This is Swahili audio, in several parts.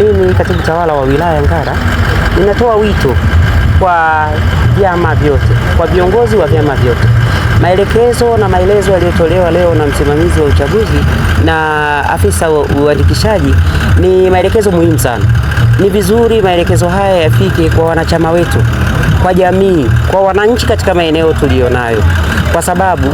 Mimi katibu tawala wa wilaya Ngara, ninatoa wito kwa vyama vyote, kwa viongozi wa vyama vyote maelekezo na maelezo yaliyotolewa leo na msimamizi wa uchaguzi na afisa uandikishaji ni maelekezo muhimu sana. Ni vizuri maelekezo haya yafike kwa wanachama wetu, kwa jamii, kwa wananchi katika maeneo tuliyonayo, kwa sababu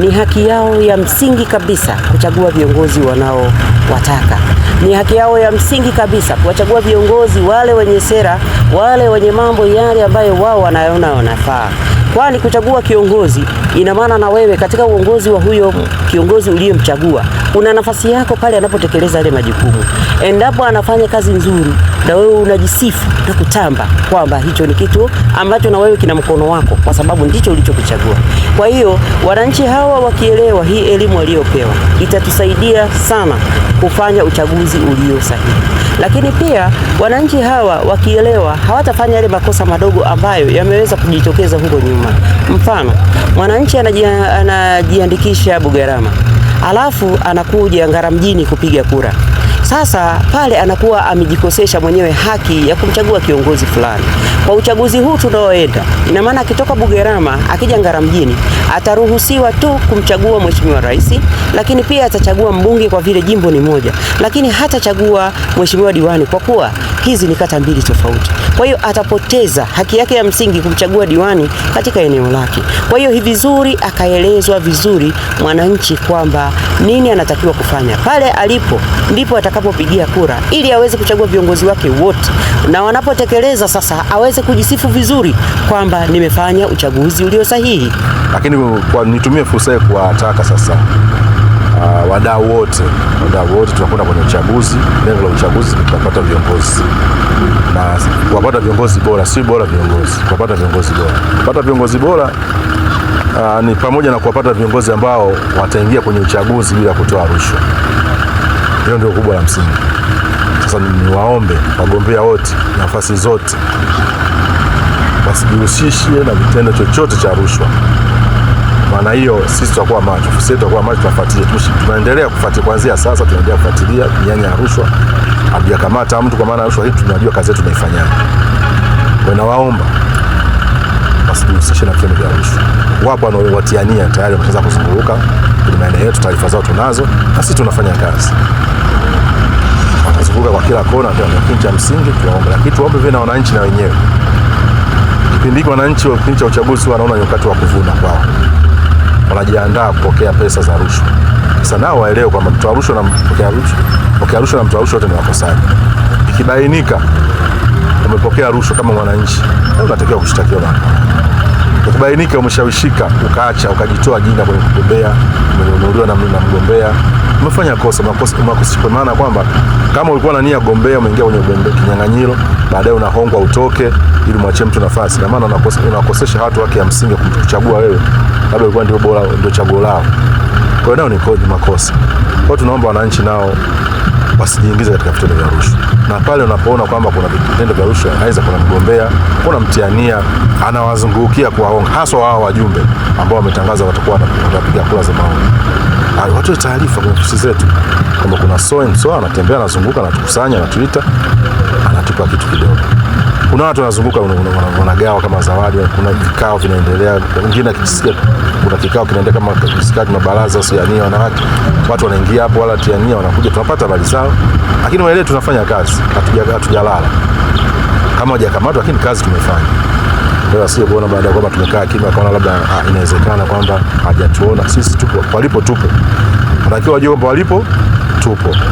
ni haki yao ya msingi kabisa kuchagua viongozi wanaowataka. Ni haki yao ya msingi kabisa kuwachagua viongozi wale wenye sera, wale wenye mambo yale ambayo wao wanaona wanafaa kwani kuchagua kiongozi ina maana na wewe katika uongozi wa huyo kiongozi uliyemchagua una nafasi yako pale anapotekeleza yale majukumu. Endapo anafanya kazi nzuri, na wewe unajisifu na kutamba kwamba hicho ni kitu ambacho na wewe kina mkono wako, kwa sababu ndicho ulichokichagua. Kwa hiyo wananchi hawa wakielewa hii elimu waliyopewa itatusaidia sana kufanya uchaguzi ulio sahihi, lakini pia wananchi hawa wakielewa hawatafanya yale makosa madogo ambayo yameweza kujitokeza huko nyuma. Mfano, mwananchi anajiandikisha Bugarama alafu anakuja Ngara mjini kupiga kura. Sasa pale anakuwa amejikosesha mwenyewe haki ya kumchagua kiongozi fulani. Kwa uchaguzi huu tunaoenda, ina maana akitoka Bugerama akija Ngara mjini ataruhusiwa tu kumchagua mheshimiwa rais, lakini pia atachagua mbunge kwa vile jimbo ni moja, lakini hatachagua mheshimiwa diwani kwa kuwa hizi ni kata mbili tofauti. Kwa hiyo atapoteza haki yake ya msingi kumchagua diwani katika eneo lake. Kwa hiyo hivi vizuri akaelezwa vizuri mwananchi kwamba nini anatakiwa kufanya pale alipo, ndipo ataka atakapopigia kura, ili aweze kuchagua viongozi wake wote, na wanapotekeleza sasa aweze kujisifu vizuri kwamba nimefanya uchaguzi ulio sahihi. Lakini kwa nitumie fursa hii kuwataka sasa Uh, wadau wote wadau wote, tunakwenda kwenye uchaguzi. Lengo la uchaguzi ni kupata viongozi na kupata viongozi bora, si bora viongozi, kupata viongozi bora. Kupata viongozi bora uh, ni pamoja na kuwapata viongozi ambao wataingia kwenye uchaguzi bila kutoa rushwa. Hilo ndio kubwa la msingi. Sasa niwaombe wagombea wote, nafasi zote, wasijihusishe na vitendo chochote cha rushwa, maana hiyo sisi tutakuwa macho, ofisi yetu tutakuwa macho, tunafuatilia, tunaendelea kufuatilia. Kuanzia sasa tunaendelea kufuatilia mianya ya rushwa, hatujakamata mtu kwa maana rushwa hii, tunajua kazi yetu tunaifanyaje. Nawaomba wasijihusishe na vitendo vya rushwa. Wapo wanaowatiania tayari wameanza kuzunguruka kwenye maeneo yetu, taarifa zao tunazo na sisi tunafanya kazi. Watazunguka kwa kila kona, ndio kipindi cha msingi tunaomba, lakini tuombe vile na wananchi na wenyewe. Kipindi hiki wananchi wa kipindi cha uchaguzi wanaona ni wakati wa kuvuna kwao, wanajiandaa kupokea pesa za rushwa. Sasa nao waelewe kwamba mtoa rushwa na mpokea rushwa, mpokea rushwa na mtoa rushwa wote ni wakosaji. Ikibainika umepokea rushwa kama mwananchi, unatakiwa kushtakiwa mahakamani ukibainika umeshawishika, ukaacha ukajitoa jina kwenye kugombea, umeunuliwa na mgombea, umefanya kosa, makosa kwa maana kwamba kama ulikuwa na nia gombea, umeingia kwenye kinyang'anyiro, baadaye unahongwa utoke, ili mwachie mtu nafasi, na maana unakosesha watu haki ya msingi kumchagua wewe, labda ulikuwa ndio bora, ndio chaguo lao. Kwa hiyo nao ni makosa. Kwa hiyo tunaomba wananchi nao wasijiingize katika vitendo vya rushwa, na pale unapoona kwamba kuna vitendo vya rushwa, aidha kuna mgombea, kuna mtiania anawazungukia kuwaonga, haswa wao wajumbe ambao wametangaza watakuwa wanapiga kura za maoni, watoe taarifa kwenye ofisi zetu kwamba kuna so and so anatembea, anazunguka, anatukusanya, anatuita, anatupa kitu kidogo kuna watu wanazunguka wanagawa kama zawadi, kuna vikao vinaendelea, wengine akisikia kuna kikao kinaendelea kama kisikaji mabaraza baraza sio yani, wanawake watu wanaingia hapo, wala tiania wanakuja, tunapata habari zao, lakini waelewe tunafanya kazi, hatujalala kama hajakamatwa, lakini kazi tumefanya ndio asije kuona baada ya kwamba tumekaa kimya, akaona labda ah, inawezekana kwamba hajatuona sisi. Tupo walipo, tupo, anakiwa wajua kwamba walipo tupo.